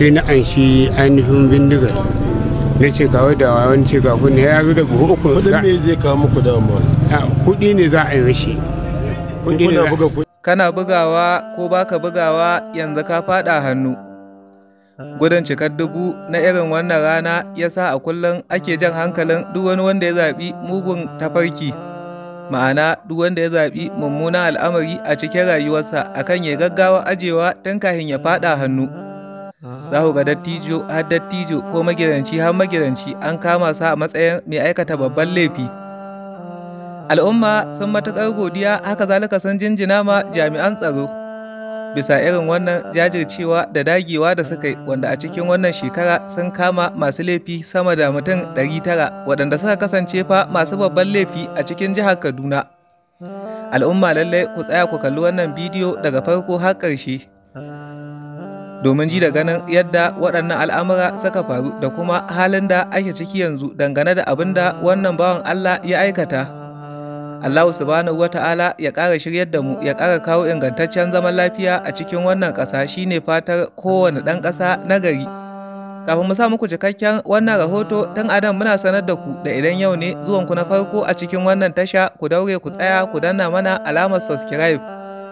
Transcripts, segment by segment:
sai na an shi ainihin bindigar na ce ga wada wani ce ga kuna ya zo daga buhu uku kudin ne zai kawo muku da damuwa kudi ne za a yi mashi kudi ne za kana bugawa ko baka bugawa yanzu ka fada hannu gudun cikar dubu na irin wannan rana ya sa a kullum ake jan hankalin duk wani wanda ya zaɓi mugun tafarki ma'ana duk wanda ya zaɓi mummunan al'amari a cikin rayuwarsa akan ya gaggawa ajewa tun kafin ya fada hannu za ku ga dattijo har dattijo ko magidanci har magidanci an kama sa a matsayin mai aikata babban laifi al'umma sun matuƙar godiya haka zalika sun jinjina ma jami'an tsaro bisa irin wannan jajircewa da dagewa da suka yi wanda a cikin wannan shekara sun kama masu laifi sama da mutum ɗari tara waɗanda suka kasance fa masu babban laifi a cikin jihar kaduna al'umma lallai ku tsaya ku kalli wannan bidiyo daga farko har ƙarshe domin ji da ganin yadda waɗannan al'amura suka faru da kuma halin da ake ciki yanzu dangane da abin da wannan bawan Allah ya aikata. Allahu subhanahu wa ta'ala ya ƙara shiryar da mu ya ƙara kawo ingantaccen zaman lafiya a cikin wannan ƙasa shi ne fatar kowane ɗan ƙasa na gari. Kafin mu sa muku cikakken wannan rahoto tun adam muna sanar da ku da idan yau ne zuwanku na farko a cikin wannan tasha ku daure ku tsaya ku danna mana alamar subscribe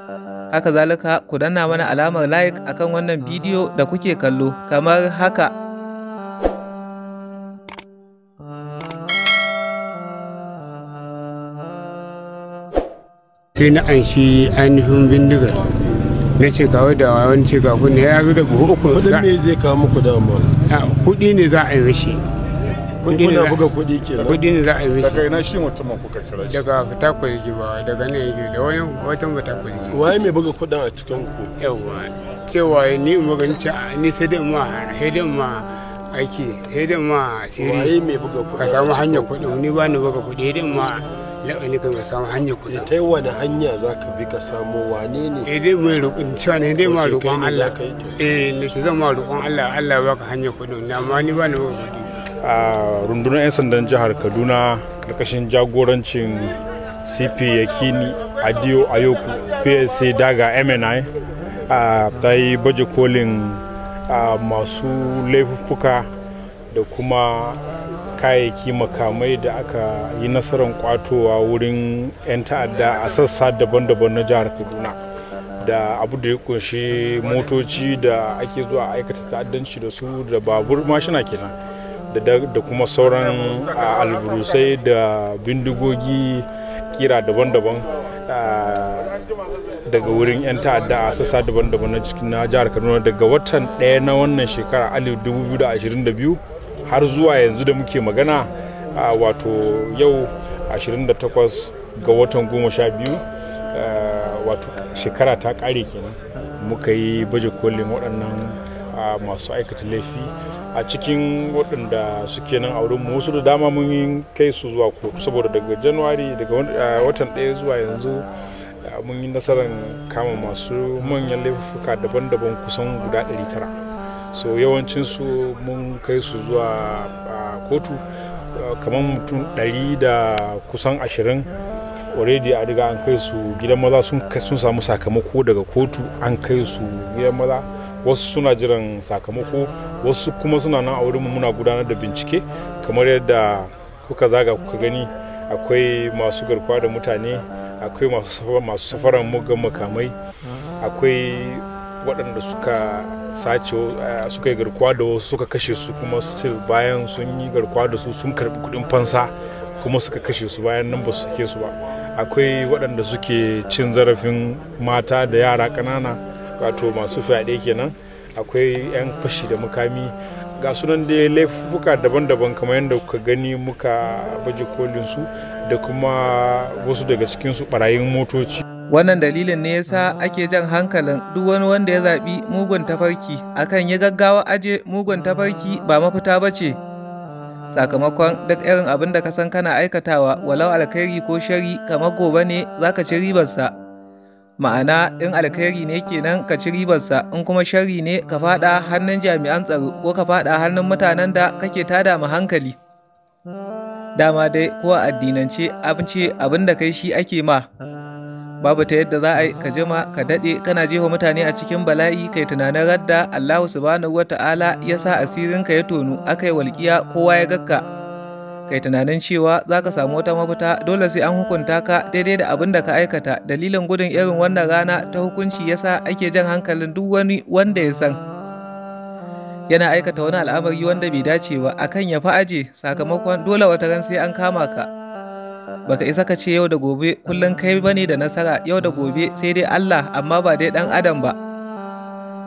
Haka zalika ku danna mana alamar like akan wannan bidiyo da kuke kallo kamar haka. Sai na an shi ainihin bindigar na ce kawo da wani ce ga kunne ya zo da buhu uku. Kudin zai kawo muku da ah, Kuɗi ne za a yi mishi. kuɗi ne buga kuɗi ke kuɗi ne za a yi daga ina shi mutumin kuka kira shi daga fatakwal gibawa daga da wani waye mai buga a cikin ku yawa cewa ni in buga ni sai dai ma sai dai ma aiki sai dai ma siri waye mai buga kuɗi ka samu hanyar ni ba ni buga kuɗi sai dai ma la'ani ka samu hanyar kuɗin ta wani hanya za ka bi ka samu wane ne eh dai mai cewa ne dai ma Allah eh ne Allah Allah hanyar amma ni ba ni buga a rundunar 'yan sandan jihar kaduna ƙarƙashin jagorancin cp yakini adio ayoku psa daga mni ta yi baje kolin masu laifuffuka da kuma kayayyaki makamai da aka yi nasarar kwatowa wurin 'yan ta'adda a sassa daban-daban na jihar kaduna da abu da ya kunshi motoci da ake zuwa aikata ta'addanci da su da babur mashina kenan da kuma sauran alburusai da bindigogi kira daban-daban daga wurin 'yan ta'adda a sassa daban-daban na cikin na jihar kaduna daga watan ɗaya na wannan shekara 2022 har zuwa yanzu da muke magana wato yau 28 ga watan 12 wato shekara ta ƙare kenan muka yi baje kolin waɗannan masu aikata laifi a cikin waɗanda suke nan a wurin wasu da dama mun yi kai su zuwa kotu saboda daga januwari daga watan ɗaya zuwa yanzu mun yi nasarar kama masu manyan laifuka daban-daban kusan guda 900 so yawancinsu mun kai su zuwa kotu kamar mutum 100 da kusan 20 already a riga an kai su gidan maza sun samu sakamako daga kotu an kai su gidan maza wasu suna jiran sakamako wasu kuma suna nan a wurin muna gudanar da bincike kamar yadda kuka zaga kuka gani akwai masu garkuwa da mutane akwai masu safaran mugan makamai akwai waɗanda suka sace eh, suka yi garkuwa da wasu suka kashe su kuma still bayan sun yi garkuwa da su sun karbi kuɗin fansa kuma suka kashe su bayan nan ba su sake su ba akwai waɗanda suke cin zarafin mata da yara ƙanana wato masu fyaɗe kenan akwai 'yan fashi da mukami ga sunan da laifuka daban-daban kamar yadda kuka gani muka baje kolin su da kuma wasu daga cikin su barayin motoci wannan dalilin ne yasa ake jan hankalin duk wani wanda ya zaɓi mugun tafarki akan ya gaggawa aje mugun tafarki ba mafita ba ce sakamakon duk irin abin da ka san kana aikatawa walau alkhairi ko shari kamar gobe ne zaka ci ribarsa ma'ana in alkhairi ne kenan ka ci ribarsa in kuma sharri ne ka fada hannun jami'an tsaro ko ka fada hannun mutanen da kake tada ma hankali dama dai ko addinance abinci abin da kai shi ake ma babu ta yadda za a yi ka jima ka daɗe kana jefa mutane a cikin bala'i kai tunanin radda allahu subhanahu wata'ala ya sa asirinka ya tonu aka yi walƙiya kowa ya gakka kai tunanin cewa za ka samu wata mafita dole sai an hukunta ka daidai da abin da ka aikata dalilin gudun irin wannan rana ta hukunci yasa ake jan hankalin duk wani wanda ya san yana aikata wani al'amari wanda bai dace ba akan ya fa aje sakamakon dole wata ran sai an kama ka baka isa ka ce yau da gobe kullum kai bane da nasara yau da gobe sai dai Allah amma ba dai dan adam ba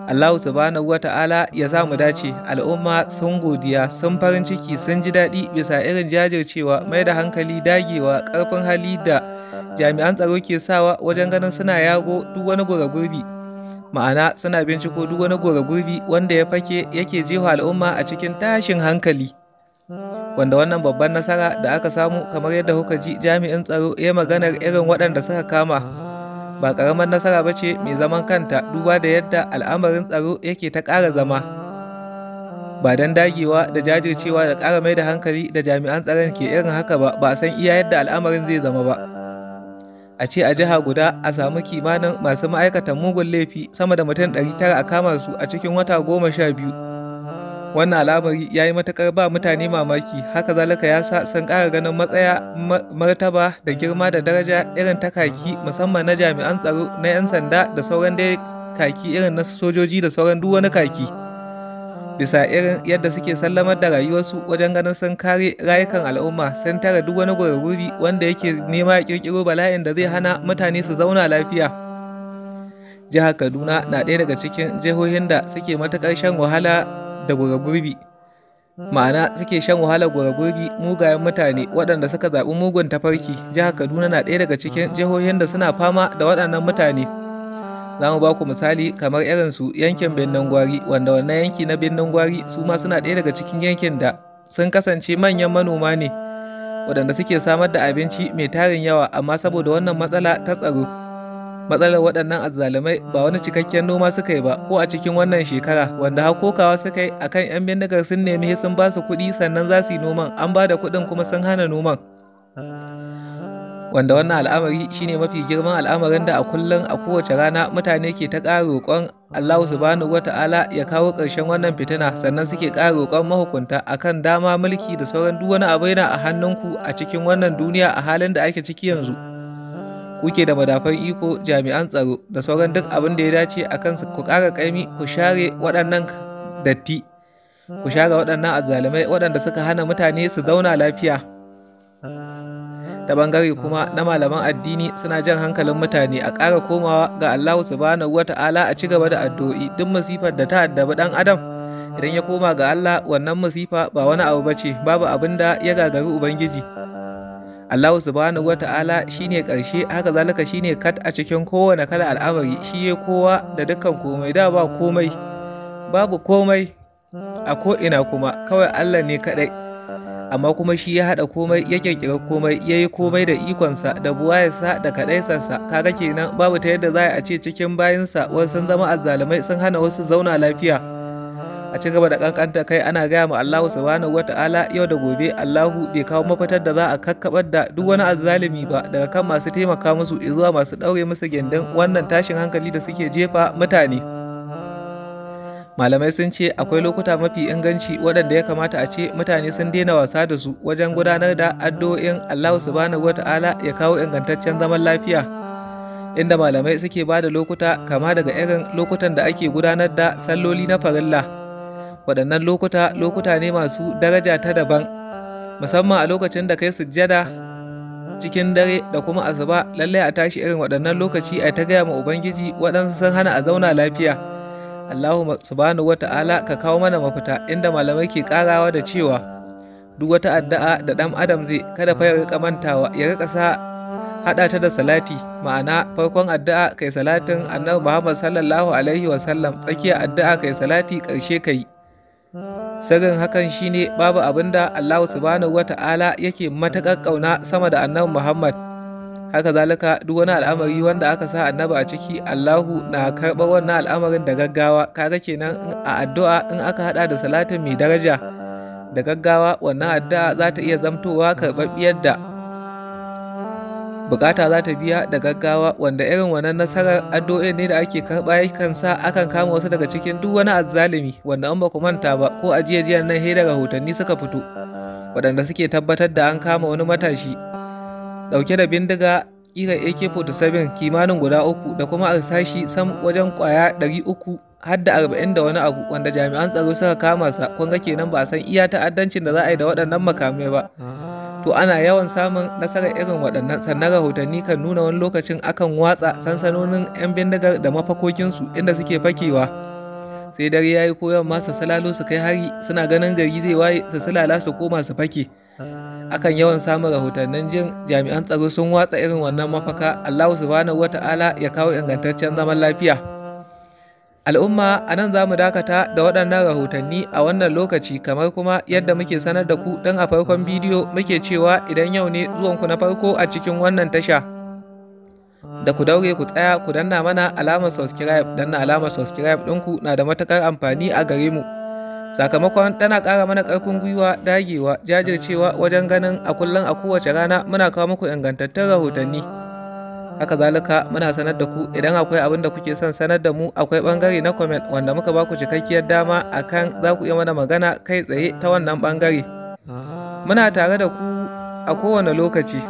Allahu subhanahu wa ta'ala ya za mu dace al'umma sun godiya sun farin ciki sun ji daɗi bisa irin jajircewa mai da hankali dagewa ƙarfin hali da jami'an tsaro ke sawa wajen ganin suna yago duk wani gura gurbi ma'ana suna binciko duk wani gura gurbi wanda ya fake yake jefa al'umma a cikin tashin hankali wanda wannan babban nasara da aka samu kamar yadda kuka ji jami'in tsaro ya maganar irin waɗanda suka kama ba ƙaramar nasara ba ce mai zaman kanta duba da yadda al'amarin tsaro yake ta ƙara zama ba don dagewa da jajircewa da ƙara mai da hankali da jami'an tsaron ke irin haka ba ba a san iya yadda al'amarin zai zama ba a ce a jiha guda a samu kimanin masu ma'aikatan mugun laifi sama da mutum 900 a kamar su a cikin wata goma sha biyu wannan al'amari ya yi matakar ba mutane mamaki haka zalika ya sa sun ƙara ganin matsaya martaba da girma da daraja irin ta kaki musamman na jami'an tsaro na 'yan sanda da sauran dai kaki irin na sojoji da sauran duk wani kaki bisa irin yadda suke sallamar da rayuwarsu wajen ganin sun kare rayukan al'umma sun tara duk wani gurguri wanda yake nema ya kirkiro bala'in da zai hana mutane su zauna lafiya jihar kaduna na ɗaya daga cikin jihohin da suke matuƙar shan wahala da gurbi ma'ana suke shan wahalar gurbi mugayen mutane waɗanda suka zaɓi mugun tafarki jihar kaduna na ɗaya daga cikin jihohin da suna fama da waɗannan mutane za mu ba ku misali kamar su yankin birnin gwari wanda wannan yanki na birnin gwari su ma suna ɗaya daga cikin yankin da sun kasance manyan manoma ne waɗanda suke samar da abinci mai tarin yawa amma saboda wannan matsala ta tsaro matsalar waɗannan azzalumai ba wani cikakken noma suka yi ba ko a cikin wannan shekara wanda hakokawa suka yi akan 'yan bindigar sun nemi sun ba su kuɗi sannan za su yi noman an ba da kuɗin kuma sun hana noman wanda wannan al'amari shine mafi girman al'amarin da a kullum a kowace rana mutane ke ta ƙara roƙon Allahu subhanahu wata'ala ya kawo ƙarshen wannan fitina sannan suke ƙara roƙon mahukunta akan dama mulki da sauran duk wani abu yana a hannunku a cikin wannan duniya a halin da ake ciki yanzu. kuke da madafar iko jami'an tsaro da sauran duk abin da ya dace a kansu ku ƙara ƙaimi ku share waɗannan datti ku share waɗannan azzalumai waɗanda suka hana mutane su zauna lafiya ta bangare kuma na malaman addini suna jan hankalin mutane a ƙara komawa ga allahu subhanahu wa ta'ala a ci gaba da addu'o'i duk masifar da ta addabi ɗan adam idan ya koma ga allah wannan masifa ba wani abu ba ce babu abin da ya gagari ubangiji Allahu subhanahu wa ta'ala shine ƙarshe haka zalika shine kat a cikin kowane kala al'amari shi ya kowa da dukkan komai da ba komai babu komai a ko'ina kuma kawai Allah ne kaɗai amma kuma shi ya haɗa komai ya ƙirƙira komai ya yi komai da ikonsa da buwayarsa da kaɗaisarsa kaga kenan babu ta yadda za a ce cikin bayansa wasu sun zama azzalumai sun hana wasu zauna lafiya a ci gaba da kankanta kai ana gaya ma Allahu subhanahu wata'ala yau da gobe Allahu bai kawo mafitar da za a kakkabar da duk wani azzalimi ba daga kan masu taimaka musu zuwa masu ɗaure musu gindin wannan tashin hankali da suke jefa mutane malamai sun ce akwai lokuta mafi inganci waɗanda ya kamata a ce mutane sun daina wasa da su wajen gudanar da addu'o'in Allahu subhanahu wata'ala ya kawo ingantaccen zaman lafiya inda malamai suke bada lokuta kama daga irin lokutan da ake gudanar da salloli na farilla waɗannan lokuta lokuta ne masu daraja ta daban musamman a lokacin da kai sujjada cikin dare da kuma asuba lallai a tashi irin waɗannan lokaci a ta gaya ma ubangiji waɗansu sun hana a zauna lafiya allahu subhanahu wa ta'ala ka kawo mana mafita inda malamai ke karawa da cewa duk wata addu'a da ɗan adam zai kada fa ya rika mantawa ya rika sa haɗa ta da salati ma'ana farkon addu'a kai salatin annabi muhammad sallallahu alaihi sallam tsakiyar addu'a kai salati ƙarshe kai Sirrin hakan shine babu abin da Allah subhanahu wa ta'ala yake matuƙar ƙauna sama da annabi Muhammad. Haka zalika duk wani al'amari wanda aka sa annabi a ciki Allahu na karɓar wannan al'amarin da gaggawa kaga kenan a addu'a in aka haɗa da salatin mai daraja da gaggawa wannan addu'a za ta iya zamtowa karɓaɓɓiyar da bukata za ta biya da gaggawa wanda irin wannan nasarar addu'o'i ne da ake karɓa yakan sa akan kama wasu daga cikin duk wani azzalumi wanda an ba ku manta ba ko a jiya nan hira rahotanni suka fito waɗanda suke tabbatar da an kama wani matashi ɗauke da bindiga kira AK-47 kimanin guda uku da kuma arsashi sam wajen kwaya 300 har da arba'in da wani abu wanda jami'an tsaro suka kama sa kun ga kenan ba a san iya ta'addancin da za a yi da waɗannan makamai ba. to ana yawan samun nasarar irin waɗannan sannan rahotanni kan nuna wani lokacin akan watsa sansanonin 'yan bindigar da mafakokinsu inda suke fakewa sai dare ya yi koyon masu salalo su kai hari suna ganin gari zai waye su silala su koma su fake akan yawan samun rahotannin jin jami'an tsaro sun watsa irin wannan mafaka allahu subhanahu wata'ala ya kawo ingantaccen zaman lafiya Al'umma a nan za mu dakata da waɗannan rahotanni a wannan lokaci kamar kuma yadda muke sanar da ku don a farkon bidiyo muke cewa idan yau ne zuwanku na farko a cikin wannan tasha. Da ku daure ku tsaya ku danna mana alamar subscribe danna alamar subscribe ɗinku na da matuƙar amfani a gare mu. Sakamakon tana ƙara mana ƙarfin gwiwa dagewa jajircewa wajen ganin a kullum a kowace rana muna kawo muku ingantattun rahotanni. haka zalika muna sanar da ku idan akwai abin da kuke son sanar da mu akwai bangare na comment wanda muka ba cikakkiyar dama akan za ku iya mana magana kai tsaye ta wannan bangare muna tare da ku a kowane lokaci